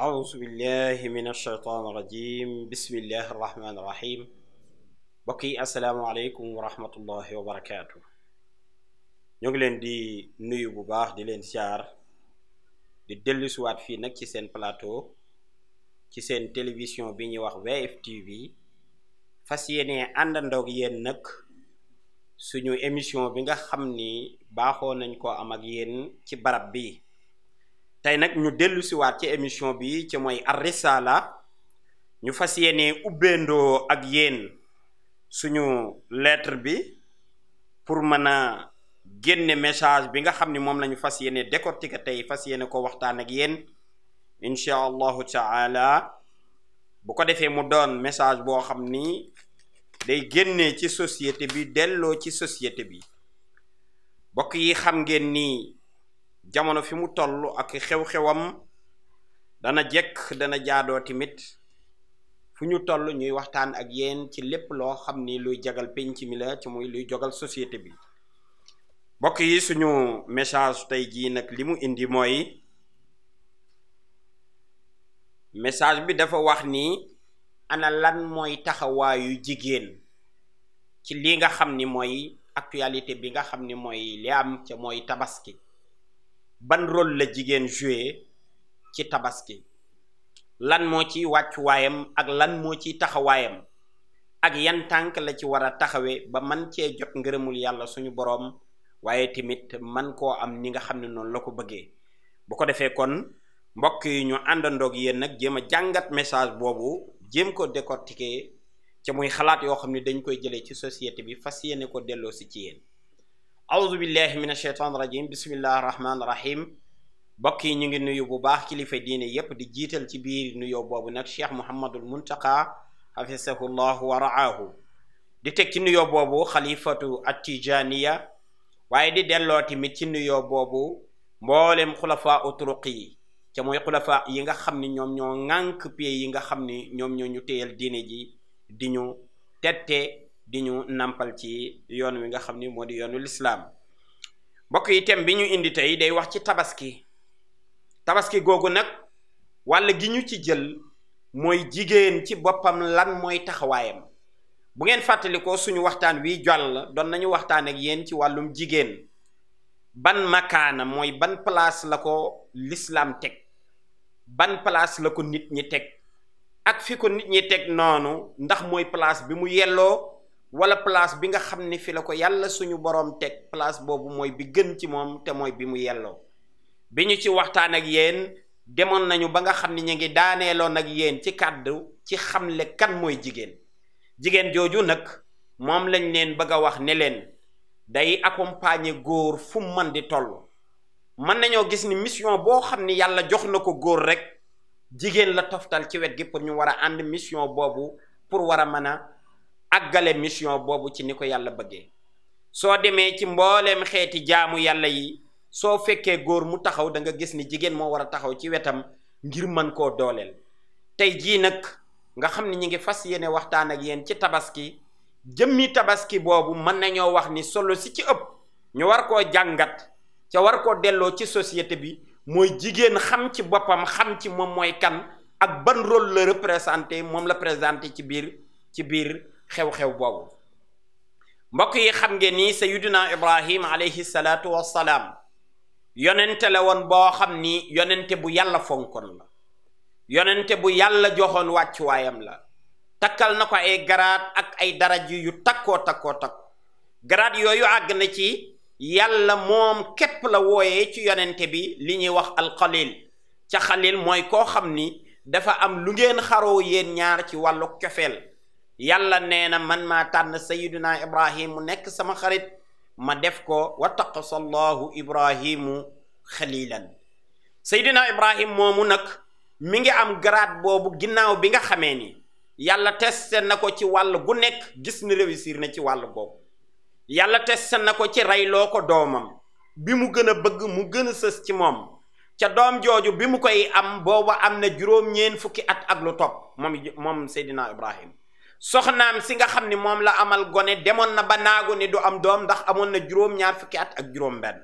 أعوذ بالله من الشيطان الرجيم بسم الله الرحمن الرحيم بقي السلام عليكم ورحمة الله وبركاته نجلن دي نيو بباخ دي لين دي دلو سوات في نك كي سين بلاتو كي سين تلفزيون بيني واخ ويف تي في فاسيني عندن دوغ يين سنو اميشيون بيغا خمني باخو ننكو أماجين كي براب بي tey nag ñu dellu siwaat ci émission bi ci mooy ar ñu fas yéene ubbeendoo ak yéen suñu lettre bi pour mën a génne message bi nga xam ni moom lañu fas yéene décortiquer tey fas yéene ko waxtaan ak yéen incha allahu taala bu ko defee mu doon message boo xam ni day génnee ci société bi delloo ci société bi bokk yi xam ngeen nii jamono fi mu toll ak xew-xewam dana jekk dana jaadoo tamit fu ñu toll ñuy waxtaan ak yéen ci lépp loo xam ni luy jagal penc mi la ci muy luy jogal société bi mbokk yi suñu message tey jii nag li mu indi mooy message bi dafa wax ni ana lan mooy taxawaayu jigéen ci li nga xam ni mooy actualité bi nga xam ni mooy li am ca mooy tabaski ban rôle la jigéen joué ci tabaski lan moo ci wàccuwaayam ak lan moo ciy taxawaayam ak yan tànk la ci war a taxawee ba man cee jot ngërëmul yàlla suñu boroom waaye tamit man koo am ni nga xam ne noonu la ko bëggee bu ko defee kon mbokk yi ñu àndandoog yéen nag jéem a jàngat message boobu jéem ko décortiquer ci muy xalaat yoo xam ne dañ koy jëlee ci société bi fas yéene ko delloo si ci yéen awdu billahi min asheytaan rajim bismillahi rahmaani rahim mbokk yi ñu ngi nuyu bu baax kilifa diine yépp di jiital ci biir nuyoo boobu nag cheikh muhammadul muntaqa xafisahu llahu wa raahu di teg ci nuyoo boobu xalifatu attijaaniya waaye di delloo tamit ci nuyoo boobu mboolem xulafaa uturuq yi ca mooy xulafaa yi nga xam ni ñoom ñoo ŋànk pie yi nga xam ni ñoom ñoo ñu téyal diine ji di ñu tette di ñu nàmpal ci yoon wi nga xam ni moo di yoonu lislaam mbokk yi thème bi ñu indi tey day wax ci tabaski tabaski googu nag wàll gi ñu ci jël mooy jigéen ci boppam lan mooy taxawaayam bu ngeen fàttalikoo suñu waxtaan wi jàll doon nañu waxtaan ak yéen ci wàllum jigéen ban makkaana mooy ban place la ko lislaam teg ban place la ko nit ñi teg ak fi ko nit ñi teg noonu ndax mooy place bi mu yelloo wala place bi nga xam ne fi la ko yàlla suñu boroom teg place boobu mooy bi gën ci moom te mooy bi mu yelloo bi ñu ci waxtaan ak yéen demoon nañu ba nga xam ne ñu ngi daaneeloon ak yéen ci kàddu ci xamle kan mooy jigéen jigéen jooju nag moom lañ leen bëgg a wax ne leen day accompagner góor fu mu mën di toll mën nañoo gis ni mission boo xam ne yàlla jox na ko góor rek jigéen la toftal ci wet gi pour ñu war a ànd mission boobu pour war a mën a àggale mission boobu ci ni ko yàlla bëggee soo demee ci mbooleem xeeti jaamu yàlla yi soo fekkee góor mu taxaw da nga gis ni jigéen moo war a taxaw ci wetam ngir mën koo dooleel tey jii nag nga xam ni ñu ngi fas yéene waxtaan ak yéen ci tabaski jëmmi tabaski boobu mën nañoo wax ni solo si ci ëpp ñu war koo jàngat ca war koo delloo ci société bi mooy jigéen xam ci boppam xam ci moom mooy kan ak ban rôle la représenté moom la présenté ci biir ci biir xew-xew boobu mbokk yi xam ngeen ni sayiduna ibrahim alayhi salaatu wassalaam yonente la woon boo xam ni yonente bu yàlla fonkoon la yonente bu yàlla joxoon wàccuwaayam la takkal na ko ay garaat ak ay daraj yu takkoo takkoo takko garaat yooyu àgg na ci yàlla moom képp la wooyee ci yonente bi li ñuy wax alxalil ca xalil mooy koo xam ni dafa am lu ngeen xaroo yéen ñaar ci wàllu cofeel yàlla nee na man maa tànn sayiduna ibrahim mu nekk sama xarit ma def ko wa taqasa allahu ibrahimu xalilan sayiduna ibrahim moomu nag mi ngi am garaat boobu ginnaaw bi nga xamee ni yàlla testé na ko ci wàll gu nekk gis ni réussir na ci wàll boobu yàlla testé na ko ci reyloo ko doomam bi mu gën a bëgg mu gën a sës ci moom ca doom jooju bi mu koy am booba am na juróom-ñeen fukki at ak lu topp moom moom Seydina Ibrahim soxnaam si nga xam ni moom la amal gone demoon na ba naagu ni du am doom ndax amoon na juróom-ñaar fukki at ak juróom-benn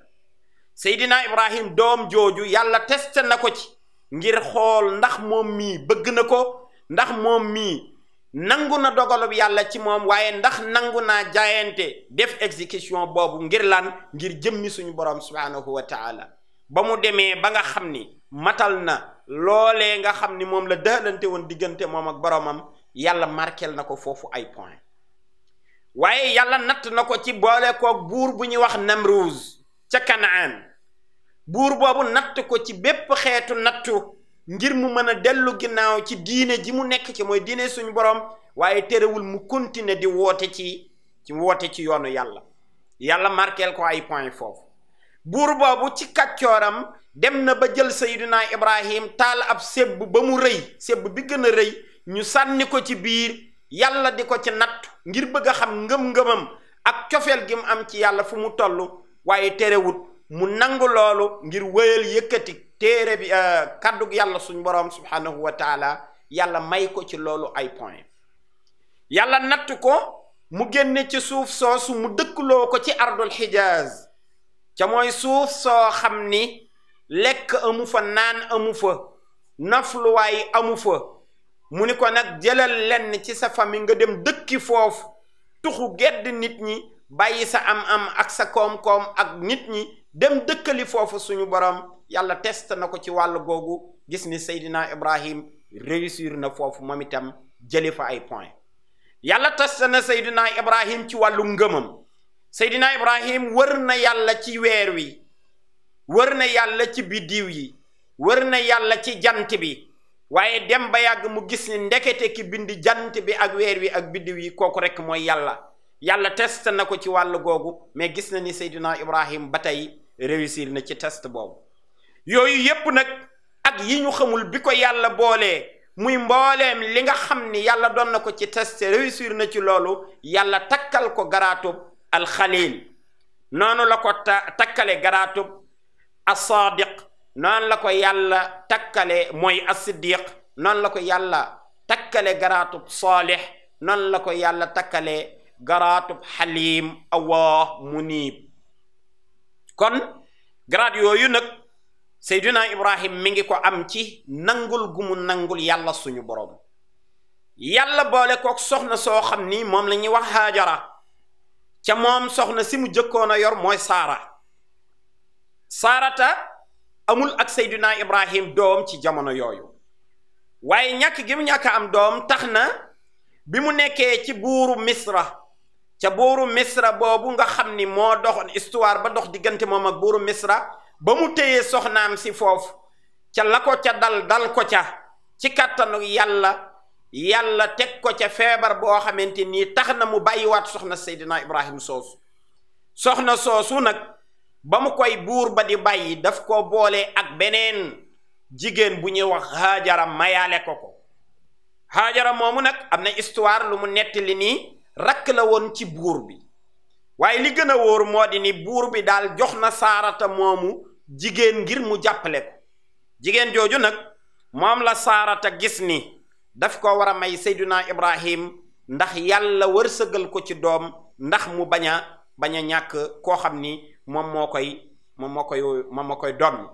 Seydina Ibrahim doom jooju yàlla teste na ko ci ngir xool ndax moom mii bëgg na ko ndax moom mii nangu na dogalub yàlla ci moom waaye ndax nangu naa jaayante def exécution boobu ngir lan ngir jëmmi suñu borom subhaanahu wa taala ba mu demee ba nga xam ni matal na loolee nga xam ni moom la dëxalante woon diggante moom ak boromam yàlla markel na ko foofu ay point waaye yàlla natt na ko ci boole kook buur bu ñu wax namruuz ca kanaan buur boobu natt ko ci bépp xeetu nattu ngir mu mën a dellu ginnaaw ci diine ji mu nekk ci mooy diine suñu borom waaye terewul mu continuer di woote ci ci woote ci yoonu yàlla yàlla markel ko ay point foofu buur boobu ci kàccooram dem na ba jël sayduna ibrahim taal ab sébb ba mu rëy sébb bi gën a rëy ñu sànni ko ci biir yàlla di ko ci natt ngir bëgg a xam ngëm-ngëmam ak cofeel gi mu am ci yàlla fu mu tollu waaye terewut mu nangu loolu ngir wëyal yëkkati téere bi euh, kàddug yàlla suñ boroom subhaanahu wa taala yàlla may ko ci loolu ay point yàlla natt ko mu génne ci suuf soosu mu dëkkloo ko ci ardul xijaaz ca mooy suuf soo xam ni lekk amu fa naan amu fa nafluwaay amu fa mu ni ko nag jëlal lenn ci sa famille nga dem dëkki foofu tuxu gedd nit ñi bàyyi sa am-am ak sa koom-koom ak nit ñi dem dëkkali foofu suñu borom yàlla test na ko ci wàll googu gis ni Seydina Ibrahim réussir na foofu moom itam jële fa ay point yàlla test na Seydina Ibrahim ci wàllu ngëmam Seydina Ibrahim wër na yàlla ci weer wi wër na yàlla ci biddiw yi wër na yàlla ci jant bi waaye dem ba yàgg mu gis ni ndekete ki bind jant bi ak weer wi ak biddiw yi kooku rek mooy yàlla yàlla test na ko ci wàll googu mais gis na ni Seydina Ibrahim ba tey réussir na ci test boobu yooyu yépp nag ak yi ñu xamul bi ko yàlla boolee muy mbooleem li nga xam ni yàlla doon na ko ci test réussir na ci loolu yàlla takkal ko garaatub alxalil noonu la ko ta takkale garaatub assaadiq noonu la ko yàlla takkale mooy as-siddiq noonu la ko yàlla takkale garaatub saalix noonu la ko yàlla takkale garaatub xaliim awaa muniib kon garaat yooyu nag seyduna ibrahim mi ngi ko am ci nangul gu nangul yàlla suñu boroom yàlla boole kook soxna soo xam ni moom la ñuy wax haajara ca moom soxna si mu jëkkoona yor mooy saara saarata amul ak Seydina Ibrahim doom ci jamono yooyu waaye ñàkk gi mu ñàkk am doom tax na bi mu nekkee ci buuru Misra ca buuru Misra boobu nga xam ni moo doxoon histoire ba dox diggante moom ak buuru Misra ba mu téyee soxnaam si foofu ca la ko ca dal dal ko ca ci kàttanu yàlla yàlla teg ko ca feebar boo xamante nii tax na mu bàyyiwaat soxna Seydina Ibrahim soosu soxna soosu nag ba mu koy buur ba di bàyyi daf ko boole ak beneen jigéen bu ñu wax Haajara mayaale ko ko Haajara moomu nag am na histoire lu mu nettali nii rakk la woon ci buur bi waaye li gën a wóor moo di ni buur bi daal jox na saarata moomu jigéen ngir mu jàppale ko jigéen jooju nag moom la saarata gis ni daf ko war a may Seyduna Ibrahim ndax yàlla wërsëgal ko ci doom ndax mu bañ a bañ a ñàkk koo xam ni moom moo koy moom moo koy moom koy doon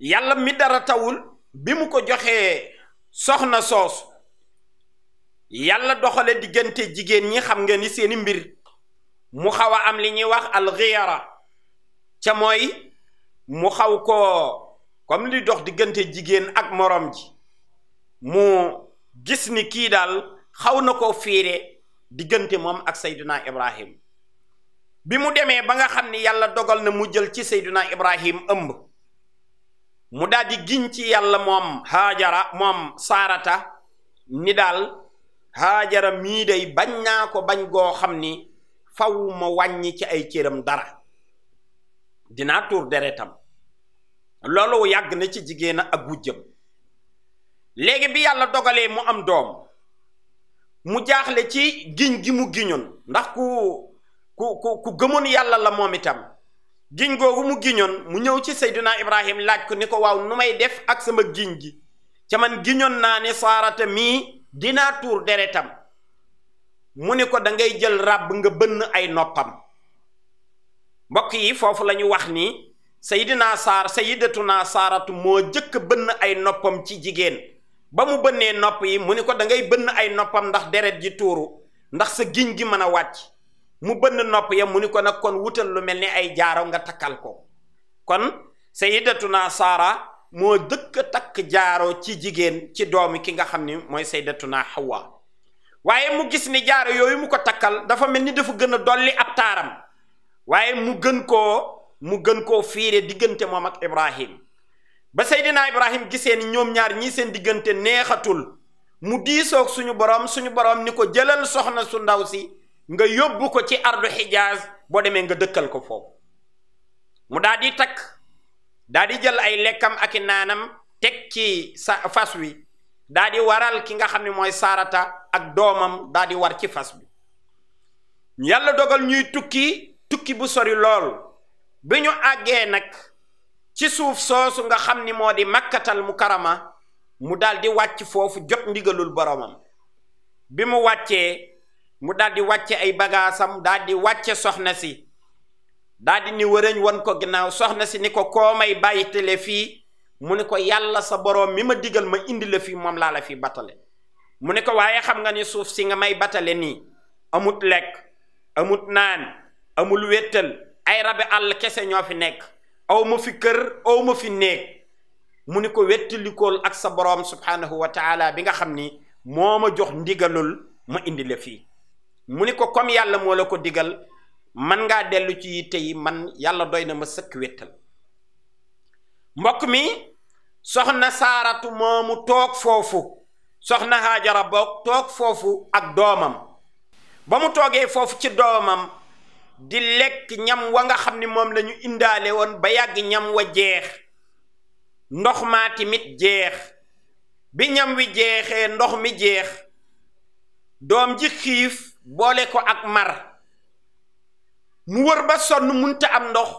yàlla mi dara tawul bi mu ko joxee soxna soos yàlla doxalee diggante jigéen ñi xam nga ni seeni mbir mu xaw a am li ñuy wax alxiyara ca mooy mu xaw ko comme li dox diggante jigéen ak moroom ji mu gis ni kii daal xaw na ko fiire diggante moom ak Seydina Ibrahim bi mu demee ba nga xam ni yàlla dogal na mu jël ci seyduna ibrahim ëmb mu daal di giñ ci yàlla moom haajara moom saarata ni daal haajara mii day bañ naa ko bañ goo xam ni fawuma wàññi ci ay cëram dara dinaa tuur deretam loolu yàgg na ci jigéen ak wujjam léegi bi yàlla dogalee mu am doom mu jaaxle ci giñ gi mu giñoon ndax ku ku ku ku gëmoon yàlla la moom itam giñ googu mu giñoon mu ñëw ci Seydina Ibrahim laaj ko ni ko waaw nu may def ak sama giñ gi ca man giñoon naa ne saarata mii dinaa tuur deretam mu ni ko dangay jël ràbb nga bënn ay noppam mbokk yi foofu la ñu wax ni Seydina Saar Sayyidatuna Saaratu moo jëkk bënn ay noppam ci jigéen ba mu bënnee nopp yi mu ni ko dangay bënn ay noppam ndax deret ji tuuru ndax sa giñ gi mën a wàcc mu bënd nopp ya mu ni ko nag kon wutal lu mel ni ay jaaraw nga takkal ko kon sayyidatuna saara moo dëkk takk jaaro ci jigéen ci doomi ki nga xam ni sayyidatuna hawa waaye mu gis ni jaaro yooyu mu ko takkal dafa mel ni dafa gën a dolli ab taaram waaye mu gën koo mu gën koo fiire diggante moom ak ibrahim ba seydinaa ibrahim gisee ni ñoom ñaar ñi seen diggante neexatul mu diisoog suñu borom suñu borom ni ko jëlal soxna su ndaw si nga yóbbu ko ci ardu xijaaz boo demee nga dëkkal ko foofu mu daal di takk daal di jël ay lekkam ak i naanam teg ci sa fas wi daal di waral ki nga xam ni mooy saarata ak doomam daal di war ci fas bi yàlla dogal ñuy tukki tukki bu sori lool bi ñu àggee nag ci suuf soosu nga xam ni moo di makkatal karama mu daal di wàcc foofu jot ndigalul boromam bi mu wàccee mu daal wàcce ay bagasam daal wàcce soxna si daal ni wërëñ won ko ginaaw soxna si ni ko koo may bàyyitale fii mu ne yàlla sa borom mi ma digal ma indi le fi mom la la fi batale mu ne ko xam nga ni suuf si nga may batale ni amut lek amut naan amul wetal ay rabbi àll kesse ño fi nek aw mu fi kër aw mu fi nek mu ni ko ak sa borom subhanahu wa taala bi nga xam ni moo jox ndigalul ma indi le fi mu ni ko comme yàlla moo la ko digal man nga dellu ci yitte man yàlla doy na ma sëkk wéttal mbokk mi soxna saaratu moomu toog foofu soxna haajara boog toog foofu ak doomam ba mu toogee foofu ci doomam di lekk ñam wa nga xam ni moom lañu indaale woon ba yàgg ñam wa jeex ndox maa tamit jeex bi ñam wi jeexee ndox mi jeex doom ji xiif boole ko ak mar mu wër ba sonn munta am ndox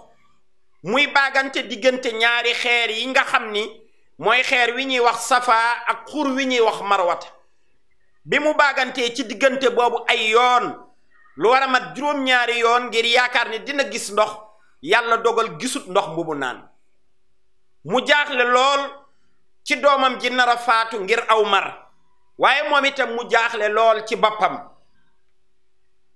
muy baagante diggante ñaari xeer yi nga xam ni mooy xeer wi ñuy wax safaa ak xur wi ñuy wax marwata bi mu baagantee ci diggante boobu ay yoon lu war mat juróom-ñaari yoon ngir yaakaar ni dina gis ndox yàlla dogal gisut ndox bu mu naan mu jaaxle lool ci doomam ji nara faatu ngir aw mar waaye moom itam mu jaaxle lool ci boppam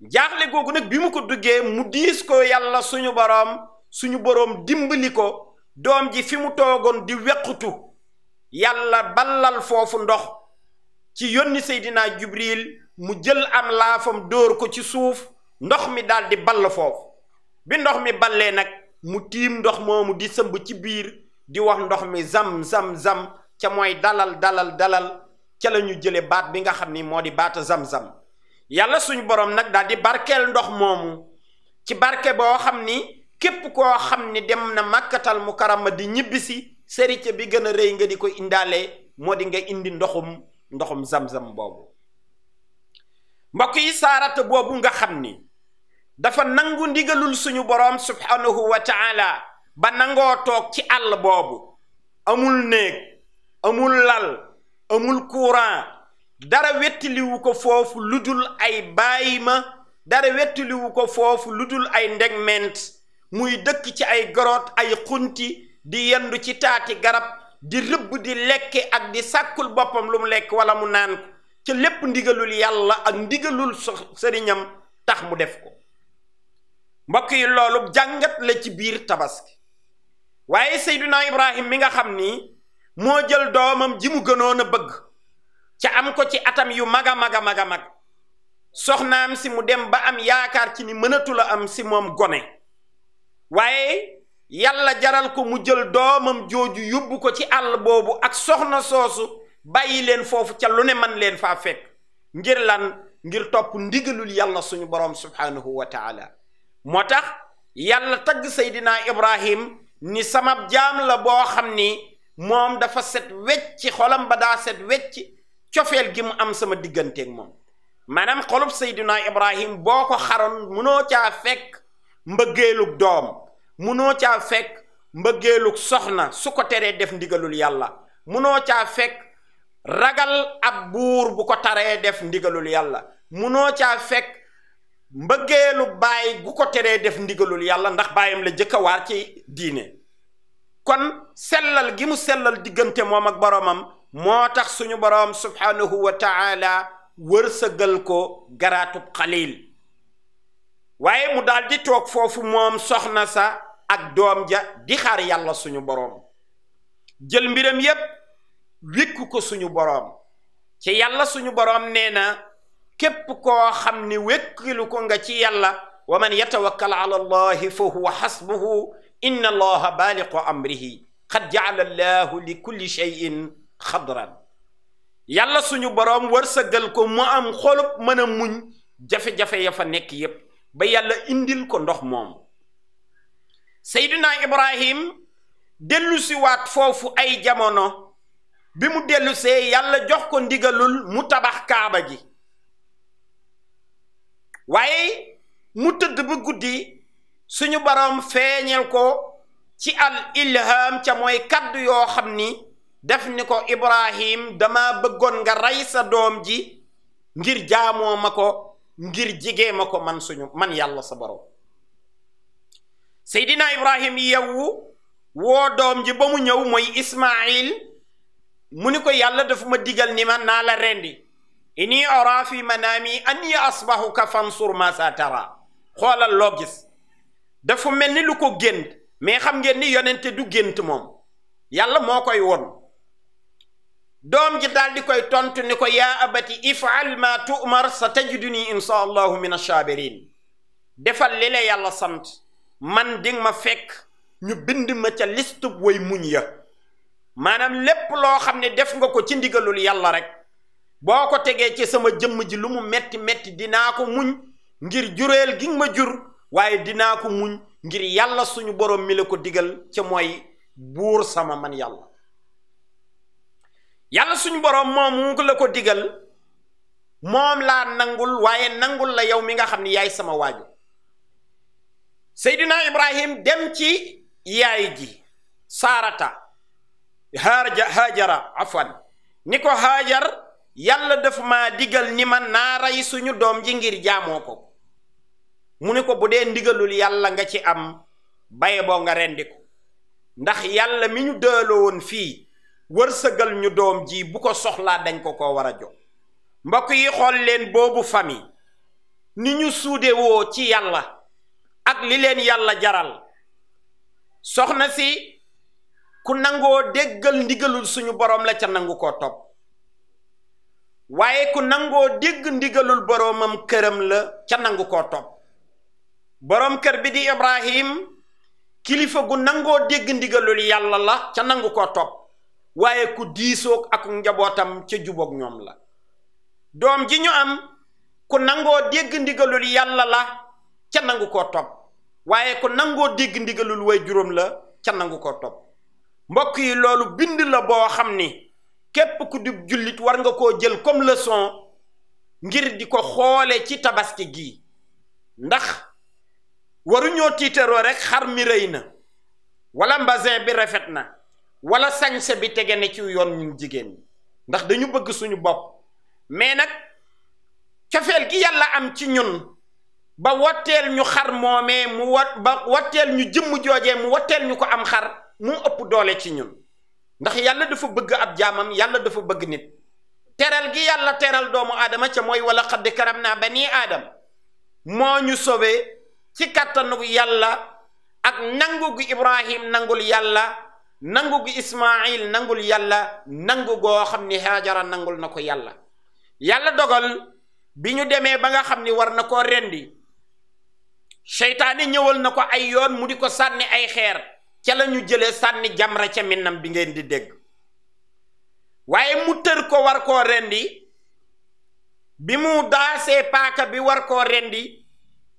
jaaxle googu nag bi mu ko duggee mu diis ko yàlla suñu boroom suñu boroom dimbali ko doom ji fi mu toogoon di wequtu yàlla ballal foofu ndox ci yónni Seydina Jibril mu jël am laafam dóor ko ci suuf ndox mi daldi ball foofu bi ndox mi ballee nag mu tiim ndox moomu di sëmb ci biir di wax ndox mi zam zam zam ca mooy dalal dalal dalal ca la ñu jële baat bi nga xam ni moo di baata zam zam yàlla suñu boroom nag daal di barkeel ndox moomu ci barke boo xam ni képp koo xam ni dem na màkkatal mu karama di ñibbisi sérité bi gën a rëy nga di ko indaale moo di nga indi ndoxum ndoxum zam boobu mbokk yi saarata boobu nga xam ni dafa nangu ndigalul suñu borom subhanahu wa ba nangoo toog ci àll boobu amul néeg amul lal amul courant dara wettiliwu ko foofu lu dul ay bàyyi ma dara wettiliwu ko foofu lu dul ay ndegment muy dëkk ci ay goroot ay xunti di yendu ci taati garab di rëbb di lekke ak di sàkkul boppam lu mu lekk wala mu naan ko ca lépp ndigalul yàlla ak ndigalul sëriñam tax mu def ko mbokk yi loolu jàngat la ci biir tabaski waaye seyduna ibrahim mi nga xam ni moo jël doomam ji mu gënoon a bëgg ca am ko ci atam yu mag a mag a mag a mag soxnaam si mu dem ba am yaakaar ci ni mënatu la am si moom gone waaye yàlla jaral ko mu jël doomam jooju yóbbu ko ci àll boobu ak soxna soosu bàyyi leen foofu ca lu ne man leen faa fekk ngir lan ngir topp ndigalul yàlla suñu boroom subhaanahu wa taala moo tax yàlla tagg seydinaa ibrahim ni sama jaam la boo xam ni moom dafa set wecc xolam ba daa set wecc cofeel gi mu am sama digganteek moom maanaam xolub Seydina Ibrahim boo ko xaroon munoo caa fekk mbëggeelug doom munoo caa fekk mbëggeelug soxna su ko teree def ndigalul yàlla munoo caa fekk ragal ab buur bu ko taree def ndigalul yàlla munoo caa fekk mbëggeelu baay gu ko teree def ndigalul yàlla ndax baayam la jëkk a waar ci diine kon sellal gi mu sellal diggante moom ak boroomam moo tax suñu boroom subhanahu wa taala wërsëgal ko garaatub xalil waaye mu daal di toog foofu moom soxna sa ak doom ja di xaar yàlla suñu boroom jël mbiram yépp wékku ko suñu boroom ci yàlla suñu boroom nee na képp koo wékkilu ko nga ci yàlla wa man yatawakkal ala allahi fa huwa xasbuhu inna allaha baaliqu amrihi qad jaala allahu li kulli cheyin xadraan yàlla suñu boroom wërsëgal ko mu am xolub mën a muñ jafe-jafe ya fa nekk yépp ba yàlla indil ko ndox moom seyduna ibrahim dellusi waat foofu ay jamono bi mu dellusee yàlla jox ko ndigalul mu tabax kaaba gi waaye mu tëdd ba guddi suñu boroom feeñal ko ci al ilham ca mooy kàddu yoo xam ni def ni ko ibrahim dama bëggoon nga rey sa doom ji ngir jaamoo ma ko ngir jigee ma ko man suñu man yàlla sa borom seydina ibrahim yewwu woo doom ji ba mu ñëw mooy ismail mu ni ko yàlla dafa ma digal ni ma naa la rendi ini ara fi manaami anni asbahuka fansur ma sa tara xoolal loo gis dafa mel ni lu ko gént mais xam ngeen ni yonente du gént moom yàlla moo koy won doom ji daal di koy tontu ni ko yaa abati ifal ma tu'mar sa tajiduni insha allahu min ash-shabirin defal li yàlla sant man ding ma fekk ñu bind ma ca listub way muñ ya maanaam lépp loo xam ne def nga ko ci ndigalul yàlla rek boo ko tegee ci sama jëmm ji lu mu metti metti dinaa ko muñ ngir jureel gi ma jur waaye dinaa ko muñ ngir yàlla suñu borom mi ko digal ca moy buur sama man yàlla Yalla suñu borom mom mu ko lako digal mom la nangul waye nangul la yow mi nga xamni yaay sama waaju sayyidina ibrahim dem ci yaay ji sarata harja hajara afwan Niko hajar, yalla def ma digal ni man na ray suñu dom ji ngir jamoko muniko budé ndigalul yalla nga ci am baye bo nga rendiko ndax yalla miñu won fi wërsëgal ñu doom ji bu ko soxlaa dañ ko ko war a jox mbokk yi xool leen boobu famille ni ñu suude woo ci yàlla ak li leen yàlla jaral soxna si ku nangoo déggal ndigalul suñu boroom la ca nangu ko topp waaye ku nangoo dégg ndigalul boroomam këram la ca nangu koo topp boroom kër bi di Ibrahim kilifa gu nangoo dégg ndigalul yàlla la ca nangu ko topp waaye ku diisoo ak njabootam ca juboog ñoom la doom ji ñu am ku nangoo dégg ndigalul yàlla la ca nangu ko topp waaye ku nangoo dégg ndigalul way juróom la ca nangu ko topp mbokk yi loolu bind la boo xam ni képp ku dib jullit war nga koo jël comme leçon ngir di ko xoole ci tabaski gi ndax waruñoo tiitaroo rekk xar mi rëy na walla mbasin bi rafet na wala sañse bi tege ne ci yoon ñun jigéen ñi ndax dañu bëgg suñu bopp mais nag cofeel gi yàlla am ci ñun ba watteel ñu xar moomee mu wat ba watteel ñu jëmm joojee mu watteel ñu ko am xar mu ëpp doole ci ñun ndax yàlla dafa bëgg ab jaamam yàlla dafa bëgg nit teral gi yàlla teral doomu aadama ca mooy wala xaddi karam naa ba nii aadam moo ñu sauvé ci kàttanu yàlla ak nangu gu Ibrahim nangul yàlla nangu gu Ismaayil nangul yàlla nangu goo xam ni Haajara nangul na ko yàlla yàlla dogal bi ñu demee ba nga xam ni war na koo rendi seytaane ñëwal na ko ay yoon mu di ko sànni ay xeer ca lañu ñu jëlee sànni jamra ca minnam bi ngeen di dégg waaye mu tër ko war koo rendi bi mu daasee paaka bi war koo rendi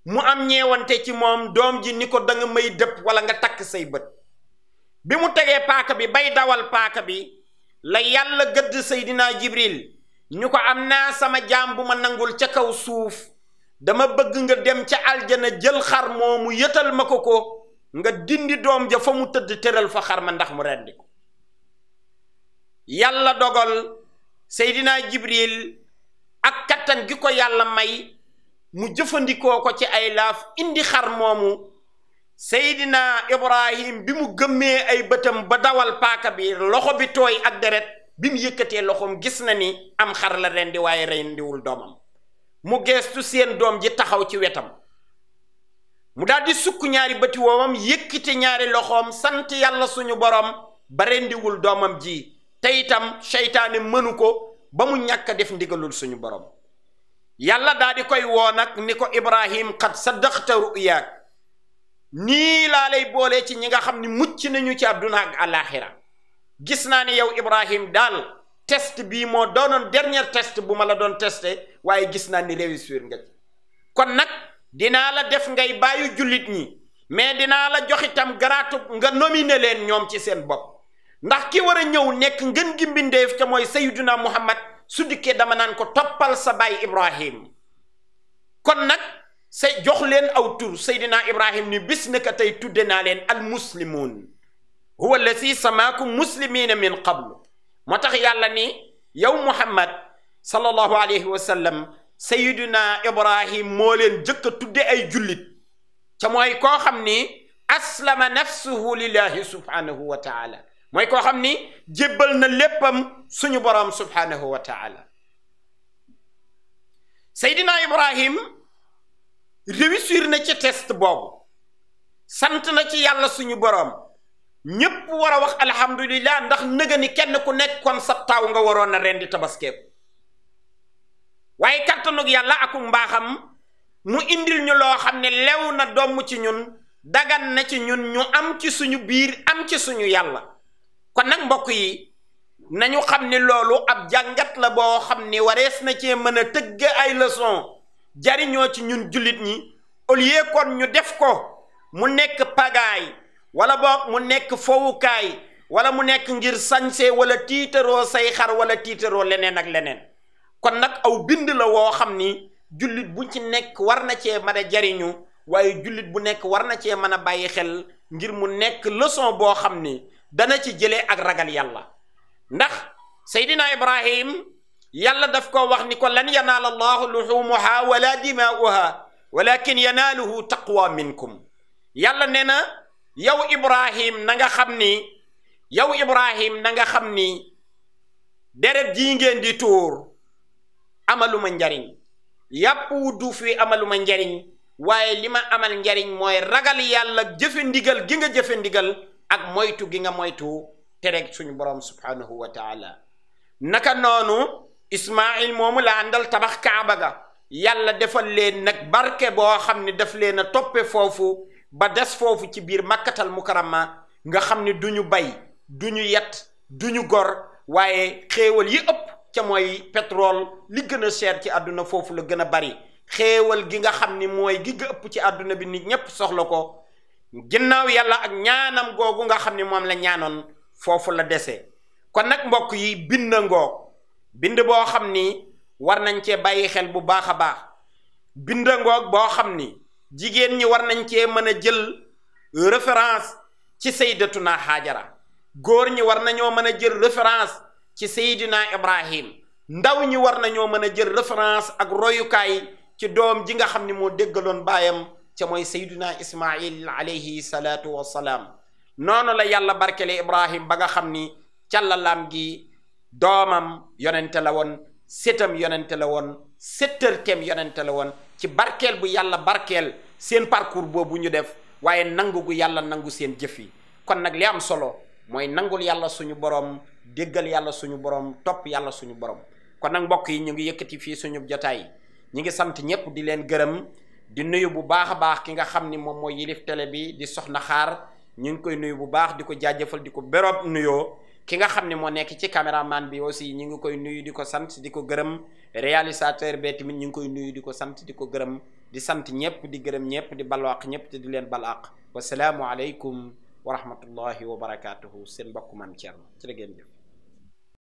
mu am ñeewante ci moom doom ji ni ko danga may dëpp wala nga takk say bët bi mu tegee paaka bi bay dawal paaka bi la yàlla gëdd seydinaa jibril ñu ko am naa sama jaam bu ma nangul ca kaw suuf dama bëgg nga dem ca aljana jël xar moomu yëtal ma ko ko nga dindi doom ja fa mu tëdd tëral fa xar ma ndax mu rendi ko yàlla dogal seydinaa jibril ak kattan gi ko yàlla may mu jëfandikoo ko ci ay laaf indi xar moomu seydina ibrahim bi mu gëmmee ay bëtam ba dawal paaka bi loxo bi tooy ak deret bi mu yëkkatee loxoom gis na ni am xar la rendi waaye rendiwul doomam mu geestu seen doom ji taxaw ci wetam mu daldi sukk ñaari bëti woomam yëkkite ñaari loxoom sant yàlla suñu borom ba rendiwul doomam ji te itam seytaane mënu ko ba mu ñàkk def ndigalul suñu borom yàlla di koy woo nag ni ko ibrahim xat sa dëxta ruyaak nii laalay lay boolee ci ñi nga xam ni mucc nañu ci àdduna ak àllaaxira gis naa ne yow Ibrahim daal test bii moo doonoon dernier test bu ma la doon testé waaye gis naa ni réussir nga ci kon nag dinaa la def ngay bàyyi jullit ñi mais dinaa la jox itam garaatu nga nominé leen ñoom ci seen bopp ndax ki war a ñëw nekk ngën gi mbindeef ca mooy Sayyiduna Muhammad su dikkee dama naan ko toppal sa baay Ibrahim kon nag say jox leen aw tur Seydina Ibrahim ni bis naka tey tudde naa leen almuslimuun huwa allazi samaakum muslimiina min qablu moo tax yàlla ni yow Muhammad sallallahu alayhi wa sallam Seydina Ibrahim moo leen jëkk a tudde ay jullit ca mooy koo xam ni aslama nafsuhu lillahi subhanahu wa taala mooy koo xam ni jébbal na léppam suñu boroom subhanahu wa taala Seydina Ibrahim réussir na ci test boobu sant na ci yàlla suñu boroom ñépp war a wax alhamdulilah ndax nëga kenn ku nekkoon kon sa taaw nga waroon a rendi tabaskeeku waaye kattanug yàlla aku mbaaxam mu indil ñu loo xam ne lew na doom ci ñun dagan na ci ñun ñu am ci suñu biir am ci suñu yàlla kon nag mbokk yi nañu xam ne loolu ab jàngat la boo xam ni warees na cee mën a tëgg ay leçon jariñoo ci ñun jullit ñi au lieu kon ñu def ko mu nekk pagaay wala boog mu nekk fowukaay wala mu nekk ngir sañse wala tiitaroo say xar wala tiitaroo leneen ak leneen kon nag aw bind la woo xam ni jullit bu ci nekk war na cee mën a jariñu waaye jullit bu nekk war na cee mën a bàyyi xel ngir mu nekk leçon boo xam ni dana ci jële ak ragal yàlla ndax Seydina Ibrahim yàlla daf ko wax ni ko lan yanaala allahu luxumuha wala dimaa'uha walakin yanaaluhu taqwa minkum yàlla nee na yow ibrahim nanga nga xam ni yow ibrahim na nga xam ni deret jii ngeen di tuur amaluma njariñ yàpp wu du fi amaluma njariñ waaye li ma amal njariñ mooy ragal yàlla jëfe ndigal gi nga ndigal ak moytu gi nga moytu tereg suñu boroom subhaanahu wa naka noonu Ismaayil moomu laa àndal tabax Kaaba ga yàlla defal leen nag barke boo xam ne daf leen a toppe foofu ba des foofu ci biir makkatal mukarama nga xam ne du ñu bay du ñu yet du ñu gor waaye xéewal yi ëpp ca mooy pétrole li gën a seer ci àdduna foofu la gën a bari xéewal gi nga xam ni mooy gi nga ëpp ci àdduna bi nit ñépp soxla ko ginnaaw yàlla ak ñaanam googu nga xam ne moom la ñaanoon foofu la dese kon nag mbokk yi bind ngoo bind boo xam ni war nañ cee bàyyi xel bu baax a baax bind ngoog boo xam ni jigéen ñi war nañ cee mën a jël référence ci sayyidatuna Haajara góor ñi war nañoo mën a jël référence ci sayyidina Ibrahim ndaw ñi war nañoo mën a jël référence ak royukaay ci doom ji nga xam ni moo déggaloon baayam ca moy sayyidina Ismail alayhi salaatu wa salaam la yàlla barkele Ibrahim ba nga xam ni càllalaam gi domam yonente la won setam yonente la setter settërteem yonente la won ci barkel bu yalla barkel seen parcours bobu ñu def waye nangu gu yalla nangu seen jëf yi kon nak li am solo moy nangul yalla suñu borom deggal yalla suñu borom top yalla suñu borom kon nak mbokk yi ñu ngi yëkëti fi suñu jotaay ñi ngi sant ñepp di leen gërëm di nuyu bu baax baax ki nga xamni mom moy yilif télé bi di soxna xaar ñu ngi koy nuyu bu baax diko ko diko nuyo ki nga xam ne moo nekk ci caméraman bi aussi ñu ngi koy nuyu di ko sant di ko gërëm réalisateur be tamit ñu ngi koy nuyu di ko sant di ko gërëm di sant ñëpp di gërëm ñëpp di balwaq ñëpp te di leen balaq wasalaamualeykum wa rahmatullahi wa barakaatuhu seen mbokk maam Thierno ci la ngeen jëf